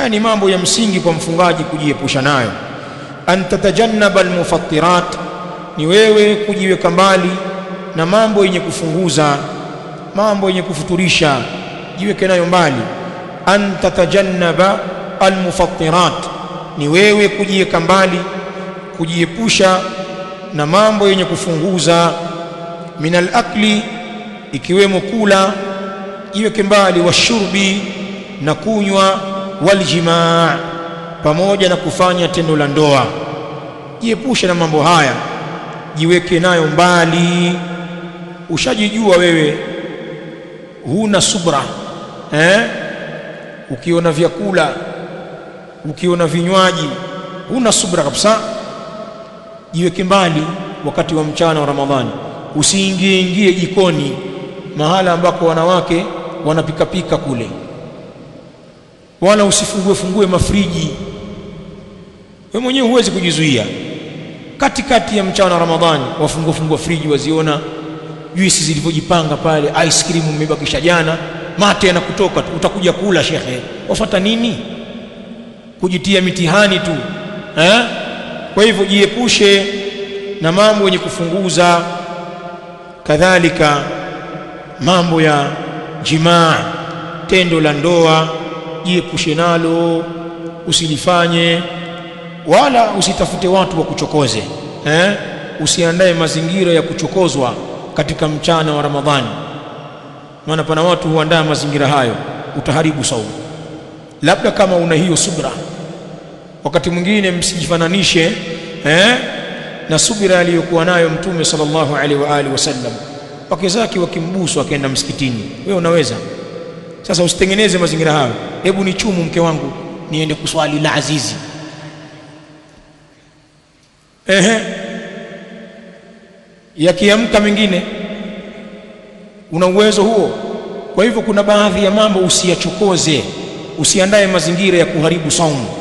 Haya ni mambo ya msingi kwa mfungaji kujiepusha nayo. antatajannaba tatajannaba almufattirat, ni wewe kujiweka mbali na mambo yenye kufunguza, mambo yenye kufuturisha, jiweke nayo mbali. antatajannaba almufattirat, ni wewe kujiweka mbali, kujiepusha na mambo yenye kufunguza. Min alakli, ikiwemo kula, jiweke mbali. Washurbi, na kunywa waljimaa, pamoja na kufanya tendo la ndoa. Jiepushe na mambo haya, jiweke nayo mbali. Ushajijua wewe huna subra eh? Ukiona vyakula, ukiona vinywaji, huna subra kabisa. Jiweke mbali wakati wa mchana wa Ramadhani, usiingieingie jikoni mahala ambako wanawake wanapikapika kule wala usifungue fungue mafriji. Wewe mwenyewe huwezi kujizuia, katikati ya mchana wa Ramadhani wafungue fungua friji, waziona juisi zilivyojipanga pale, ice cream mmebakisha jana, mate yanakutoka tu, utakuja kula shekhe. Wafata nini? Kujitia mitihani tu eh? Kwa hivyo jiepushe na mambo yenye kufunguza, kadhalika mambo ya jimaa, tendo la ndoa jiepushe nalo usilifanye wala usitafute watu wa kuchokoze eh? usiandae mazingira ya kuchokozwa katika mchana wa Ramadhani, maana pana watu huandaa mazingira hayo, utaharibu saumu. Labda kama una hiyo subra. Wakati mwingine msijifananishe eh, na subira aliyokuwa nayo Mtume sallallahu alaihi wa alihi wasallam, wake zake wakimbusu akaenda msikitini, wewe unaweza sasa usitengeneze mazingira hayo. Hebu ni chumu mke wangu niende kuswali la azizi. Ehe, yakiamka mengine, una uwezo huo. Kwa hivyo kuna baadhi ya mambo usiyachokoze, usiandae mazingira ya kuharibu saumu.